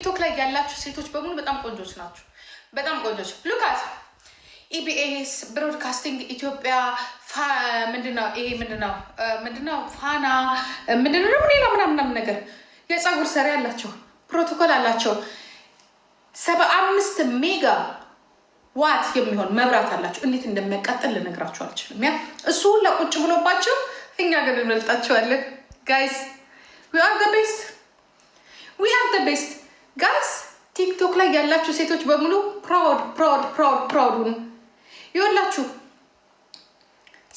ቲክቶክ ላይ ያላችሁ ሴቶች በሙሉ በጣም ቆንጆች ናችሁ። በጣም ቆንጆች ሉካስ ኢቢኤስ ብሮድካስቲንግ ኢትዮጵያ ምንድነው? ይሄ ምንድነው? ምንድነው? ፋና ምንድነው? ሌላ ምናምናም ነገር የፀጉር ሰሪ አላቸው፣ ፕሮቶኮል አላቸው። ሰባ አምስት ሜጋ ዋት የሚሆን መብራት አላቸው። እንዴት እንደሚያቃጥል ልነግራቸው አልችልም። ያ እሱ ሁላ ቁጭ ብሎባቸው፣ እኛ ግን እንበልጣቸዋለን። ጋይስ ዊ አር ቤስት ዊ አር ቤስት ጋይስ ቲክቶክ ላይ ያላችሁ ሴቶች በሙሉ ፕራውድ ፕራውድ ፕራውድ ፕራውዱን ይወላችሁ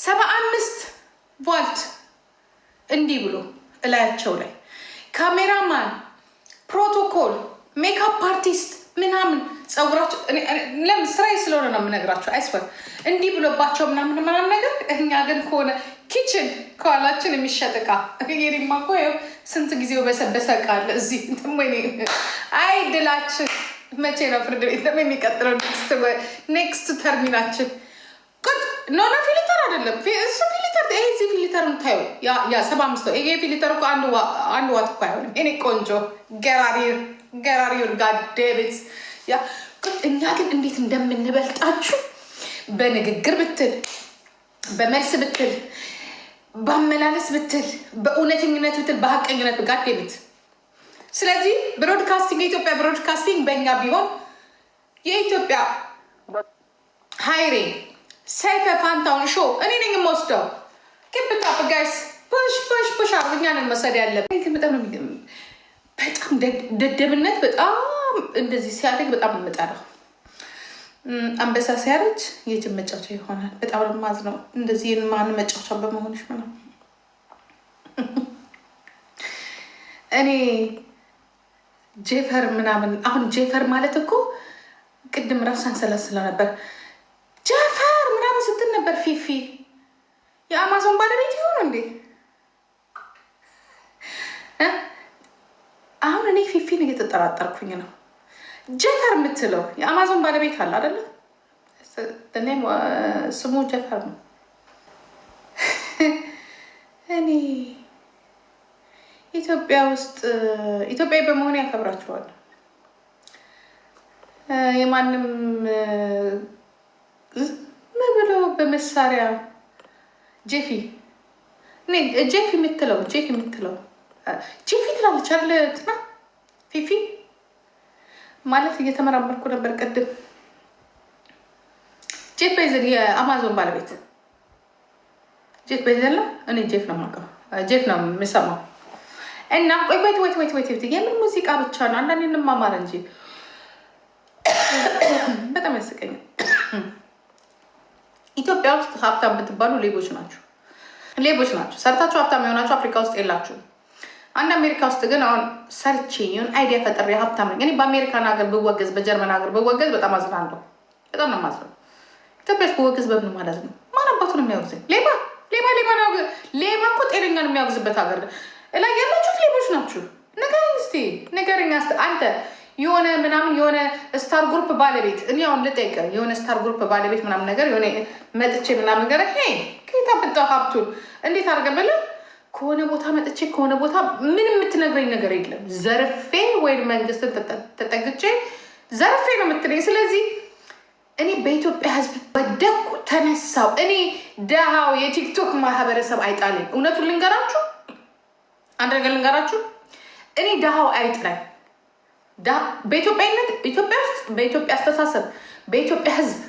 ሰባ አምስት ቫልት እንዲህ ብሎ እላያቸው ላይ ካሜራማን፣ ፕሮቶኮል፣ ሜካፕ አርቲስት ምናምን ፀጉራቸው ለምን ስራዬ ስለሆነ ነው የምነግራቸው። አይስፈር እንዲህ ብሎባቸው ምናምን ምናምን ነገር እኛ ግን ከሆነ ኪችን ከኋላችን የሚሸጥ እቃ የሪማ እኮ ስንት ጊዜው በሰበሰ እቃ አለ እዚህ። አይ ድላችን መቼ ነው? ፍርድ ቤት ነው የሚቀጥለው። ኔክስት ኔክስት ተርሚናችን ኖና ፊሊተር አይደለም እሱ ፊሊተር ይሄ እዚህ ምታዩ የምታዩ ሰባ አምስት ነው። ይሄ ፊሊተር እኮ አንድ ዋት እኮ አይሆንም። እኔ ቆንጆ ገራሪር ገራሪር ጋዴ ቤት እኛ ግን እንዴት እንደምንበልጣችሁ በንግግር ብትል በመልስ ብትል በአመላለስ ብትል፣ በእውነተኝነት ብትል፣ በሀቀኝነት ብጋድ የምት ስለዚህ ብሮድካስቲንግ የኢትዮጵያ ብሮድካስቲንግ በእኛ ቢሆን የኢትዮጵያ ሀይሬ ሰይፈ ፋንታውን ሾው እኔ ነኝ የምወስደው። ክብታፕ ጋይስ ሽ ሽ ሽ አብኛንን መውሰድ ያለብን በጣም ደደብነት በጣም እንደዚህ ሲያደግ በጣም የምጠራው አንበሳ ሲያረጅ የጅብ መጫወቻ ይሆናል። በጣም ልማዝ ነው እንደዚህ ማን መጫወቻ በመሆንሽ ምነው። እኔ ጄፈር ምናምን አሁን ጄፈር ማለት እኮ ቅድም ራስ አንሰላስላ ነበር። ጀፈር ምናምን ስትል ነበር ፊፊ። የአማዞን ባለቤት ይሆኑ እንዴ? አሁን እኔ ፊፊን እየተጠራጠርኩኝ ነው። ጀፈር የምትለው የአማዞን ባለቤት አለ አደለ? Uh, ስሙ ጀፈር ነው። እኔ ኢትዮጵያ ውስጥ ኢትዮጵያዊ በመሆን ያከብራችኋል። የማንም ዝም ብሎ በመሳሪያ ጄፊ ጄፊ የምትለው ጄፊ የምትለው ጄፊ ትላለች አለ ትና ፊፊ ማለት እየተመራመርኩ ነበር ቅድም። ጄፍ ቤዘል የአማዞን ባለቤት ጄፍ ቤዘል ነው። እኔ ጄፍ ነው ማቀ ጄፍ ነው የምሰማው። እና ቆይ ወይት ወይት ወይት ወይት የምን ሙዚቃ ብቻ ነው? አንዳንዴ እንማማር እንጂ በጣም ያስቀኝ። ኢትዮጵያ ውስጥ ሀብታም ብትባሉ ሌቦች ናችሁ፣ ሌቦች ናችሁ። ሰርታችሁ ሀብታም የሆናችሁ አፍሪካ ውስጥ የላችሁም። አንድ አሜሪካ ውስጥ ግን አሁን ሰርቼ ሆን አይዲያ ፈጥሬ ሀብታም ነኝ። እኔ በአሜሪካን ሀገር ብወገዝ፣ በጀርመን ሀገር ብወገዝ በጣም አዝናለሁ። በጣም ነው ማዝነው። ኢትዮጵያ ውስጥ ብወገዝ በምን ማለት ነው? ማን አባቱን የሚያወግዘኝ? ሌባ ሌባ ሌባ ሌባ እኮ ጤነኛን የሚያወግዝበት ሀገር ላይ ያላችሁት ሌቦች ናችሁ። ንገረኝ እስኪ ንገረኝ። አንተ የሆነ ምናምን የሆነ ስታር ግሩፕ ባለቤት እኔ አሁን ልጠይቅህ፣ የሆነ ስታር ግሩፕ ባለቤት ምናምን ነገር የሆነ መጥቼ ምናምን ነገር ሄ ከየት አመጣው ሀብቱን እንዴት አድርገህ ብለህ ከሆነ ቦታ መጥቼ ከሆነ ቦታ ምን የምትነግረኝ ነገር የለም። ዘርፌ ወይም መንግስትን ተጠግቼ ዘርፌ ነው የምትለኝ። ስለዚህ እኔ በኢትዮጵያ ሕዝብ በደቁ ተነሳው። እኔ ደሃው የቲክቶክ ማህበረሰብ አይጣለኝ። እውነቱን ልንገራችሁ፣ አንድ ነገር ልንገራችሁ። እኔ ደሃው አይጥላኝ። በኢትዮጵያነት፣ ኢትዮጵያ ውስጥ፣ በኢትዮጵያ አስተሳሰብ፣ በኢትዮጵያ ሕዝብ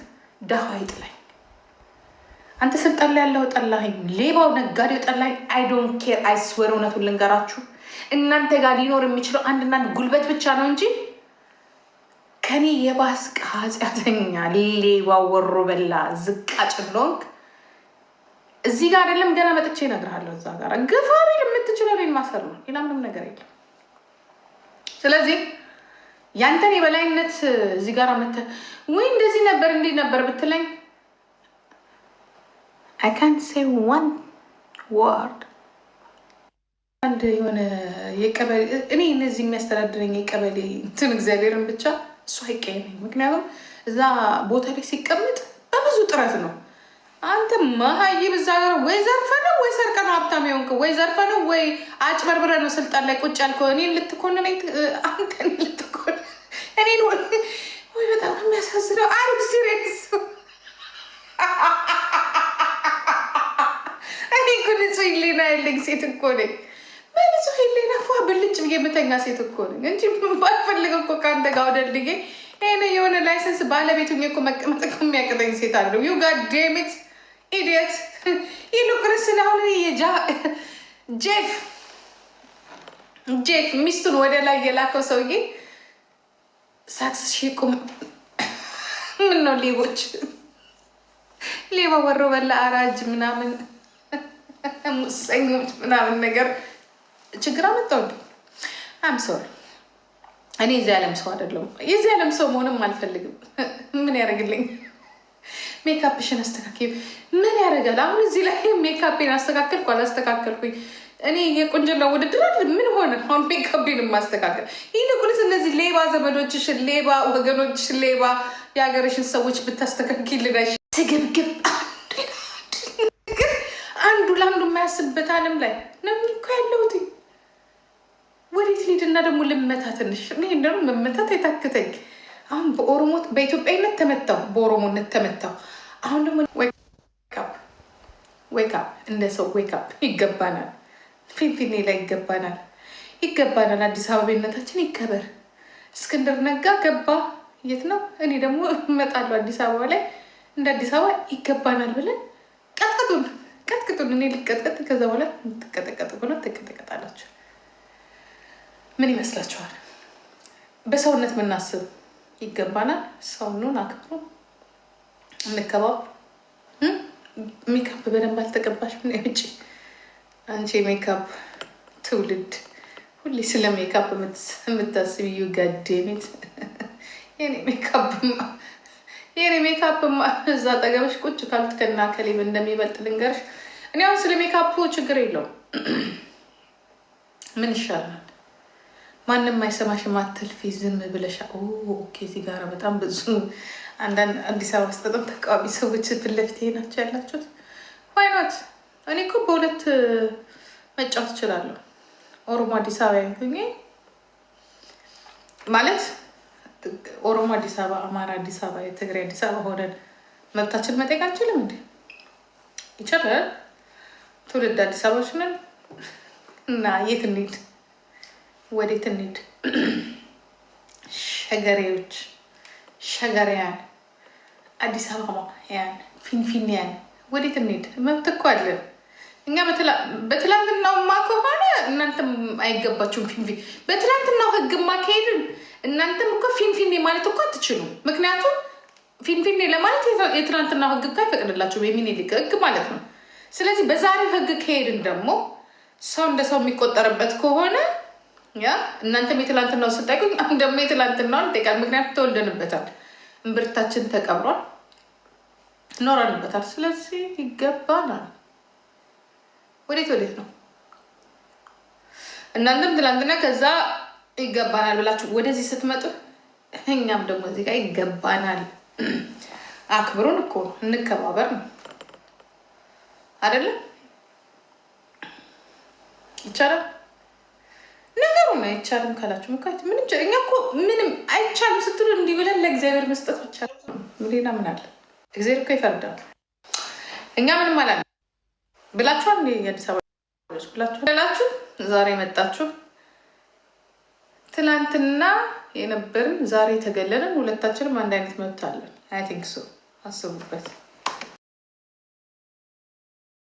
ደሃው አይጥላኝ። አንተ ስጠላ ያለው ጠላኸኝ፣ ሌባው ነጋዴው ጠላኝ። አይ ዶንት ኬር አይስወር። እውነቱን ልንገራችሁ እናንተ ጋር ሊኖር የሚችለው አንድና አንድ ጉልበት ብቻ ነው እንጂ ከኔ የባስ ኃጢአተኛ ሌባ ወሮ በላ ዝቃጭ እንደሆንክ እዚህ ጋር አይደለም ገና መጥቼ እነግርሃለሁ። እዛ ጋር ግፋ ቢል የምትችለው እኔን ማሰር ነው፣ ሌላ ምንም ነገር የለም። ስለዚህ ያንተን የበላይነት እዚህ ጋር መተህ ወይ እንደዚህ ነበር እንዲህ ነበር ብትለኝ አይ ካንት ሴይ ዋን ወርድ አንድ የሆነ የቀበሌ እኔ እነዚህ የሚያስተዳድረኝ የቀበሌ እንትን እግዚአብሔርን ብቻ እሱ አይቀየመኝ። ምክንያቱም እዛ ቦታ ላይ ሲቀመጥ በብዙ ጥረት ነው። አንተ መሀይም እዛ ወይ ዘርፈ ነው ወይ ሰርቀ ነው ሀብታም የሆንክ ወይ ዘርፈ ነው ወይ አጭበርብረ ነው ስልጣን ላይ ቁጭ ያልከው። እኔን ልትኮንን አንተን ልትኮን እኔን ወይ በጣም የሚያሳዝነው አሪፍ ሲሬስ በንጹህ ህሊና ያለኝ ሴት እኮ ነኝ። በንጹህ ህሊና ፏ ብልጭ ብዬ የምተኛ ሴት እኮ ነኝ እንጂ ባልፈልግ እኮ ከአንተ ጋር ወደልጌ ይሄ የሆነ ላይሰንስ ባለቤቱ እኮ መቀመጥ የሚያቅጠኝ ሴት አለው። ዩ ጋድ ዴሚት ኢዲየት ይሉቅርስ ስለአሁን ጄፍ ጄፍ ሚስቱን ወደ ላይ የላከው ሰውዬ ሳክስ ሺቁም ምን ነው ሌቦች ሌባ ወሮ በላ አራጅ ምናምን ሙሰኞች ምናምን ነገር ችግር አመጣሁብኝ። አም ሶሪ እኔ የዚህ ዓለም ሰው አይደለሁም። የዚህ ዓለም ሰው መሆንም አልፈልግም። ምን ያደርግልኝ? ሜካፕሽን አስተካክል ምን ያደርጋል? አሁን እዚህ ላይ ሜካፔን አስተካከልኩ አላስተካከልኩኝ እኔ የቁንጅና ውድድር አለ ምን ሆነ? አሁን ሜካፔን ማስተካከል ይልቁንስ እነዚህ ሌባ ዘመዶችሽን፣ ሌባ ወገኖችሽን፣ ሌባ የሀገርሽን ሰዎች ብታስተካክልናሽ ትግብግብ ብላ ሁሉ የማያስብበት ዓለም ላይ ነው እኮ ያለሁት። ወዴት ሊድና ደግሞ ልመታ ትንሽ ይህ ደግሞ መመታት የታክተኝ አሁን በኦሮሞ በኢትዮጵያዊነት ተመታው፣ በኦሮሞነት ተመታው። አሁን ደግሞ ወይካፕ እንደ ሰው ወይካፕ ይገባናል። ፊንፊኔ ላይ ይገባናል፣ ይገባናል። አዲስ አበባነታችን ይከበር። እስክንድር ነጋ ገባ የት ነው? እኔ ደግሞ እመጣለሁ አዲስ አበባ ላይ እንደ አዲስ አበባ ይገባናል ብለን ቀጥቅጡን። ቀጥቅጡን፣ እኔ ልቀጥቀጥ፣ ከዛ በኋላ ትቀጠቀጥ ብሎ ትቀጠቀጣላችሁ። ምን ይመስላችኋል? በሰውነት ምናስብ ይገባናል። ሰውኑን አክብሮ እንከባብ። ሜካፕ በደንብ አልተቀባሽ ምን ውጭ አንቺ ሜካፕ ትውልድ ሁሌ ስለ ሜካፕ የምታስብ ዩ ጋዴሚት የኔ ሜካፕ የኔ ሜካፕ እዛ አጠገብሽ ቁጭ ካልት ከና ከሌብ እንደሚበልጥ ልንገርሽ። እኔ አሁን ስለ ሜካፕ ችግር የለውም። ምን ይሻላል? ማንም አይሰማሽም፣ አትልፊ፣ ዝም ብለሻ። ኦኬ፣ እዚህ ጋር በጣም ብዙ አንዳንድ አዲስ አበባ ውስጥ በጣም ተቃዋሚ ሰዎች ፍለፊት ይሄ ናቸው ያላችሁት። ዋይኖት እኔ እኮ በሁለት መጫወት እችላለሁ። ኦሮሞ አዲስ አበባ ያንኩኝ ማለት ኦሮሞ አዲስ አበባ፣ አማራ አዲስ አበባ፣ የትግራይ አዲስ አበባ ሆነን መብታችን መጠየቅ አንችልም እንዴ? ይቻላል። ትውልድ አዲስ አበባዎች ነን እና የት እንሂድ? ወዴት እንሂድ? ሸገሬዎች፣ ሸገሪያን፣ አዲስ አበባ ያን፣ ፊንፊኒያን ወዴት እንሂድ? መብት እኮ አለን። እኛ በትላንትናውማ ከሆነ እናንተም አይገባችሁም። ፊንፊን በትላንትናው ህግማ ከሄድን እናንተም እኮ ፊንፊኔ ማለት እኮ አትችሉ። ምክንያቱም ፊንፊኔ ለማለት የትናንትና ህግ እኮ አይፈቅድላችሁም። የሚኒሊክ ህግ ማለት ነው። ስለዚህ በዛሬው ህግ ከሄድን ደግሞ ሰው እንደ ሰው የሚቆጠርበት ከሆነ ያ እናንተም የትላንትናው ስጠይቁኝ፣ አሁን ደግሞ የትላንትናውን ጠይቃል። ምክንያቱም ተወልደንበታል፣ እምብርታችን ተቀብሯል፣ ኖረንበታል። ስለዚህ ይገባናል። ወዴት ወዴት ነው? እናንተም ትላንትና ከዛ ይገባናል ብላችሁ ወደዚህ ስትመጡ እኛም ደግሞ እዚህ ጋር ይገባናል። አክብሩን እኮ እንከባበር ነው። አይደለም ይቻላል። ነገሩ ነው አይቻልም ካላችሁ ምን ይቻል እኛ እኮ ምንም አይቻልም ስትሉ እንዲህ ብለን ለእግዚአብሔር መስጠት ብቻ ሌላ ምን አለ? እግዚአብሔር እኮ ይፈርዳል። እኛ ምንም አላ ብላችኋል። የአዲስ አበባ ብላችሁ ዛሬ መጣችሁ። ትናንትና የነበርን ዛሬ የተገለልን ሁለታችንም አንድ አይነት መብት አለን። አይ ቲንክ ሶ አስቡበት።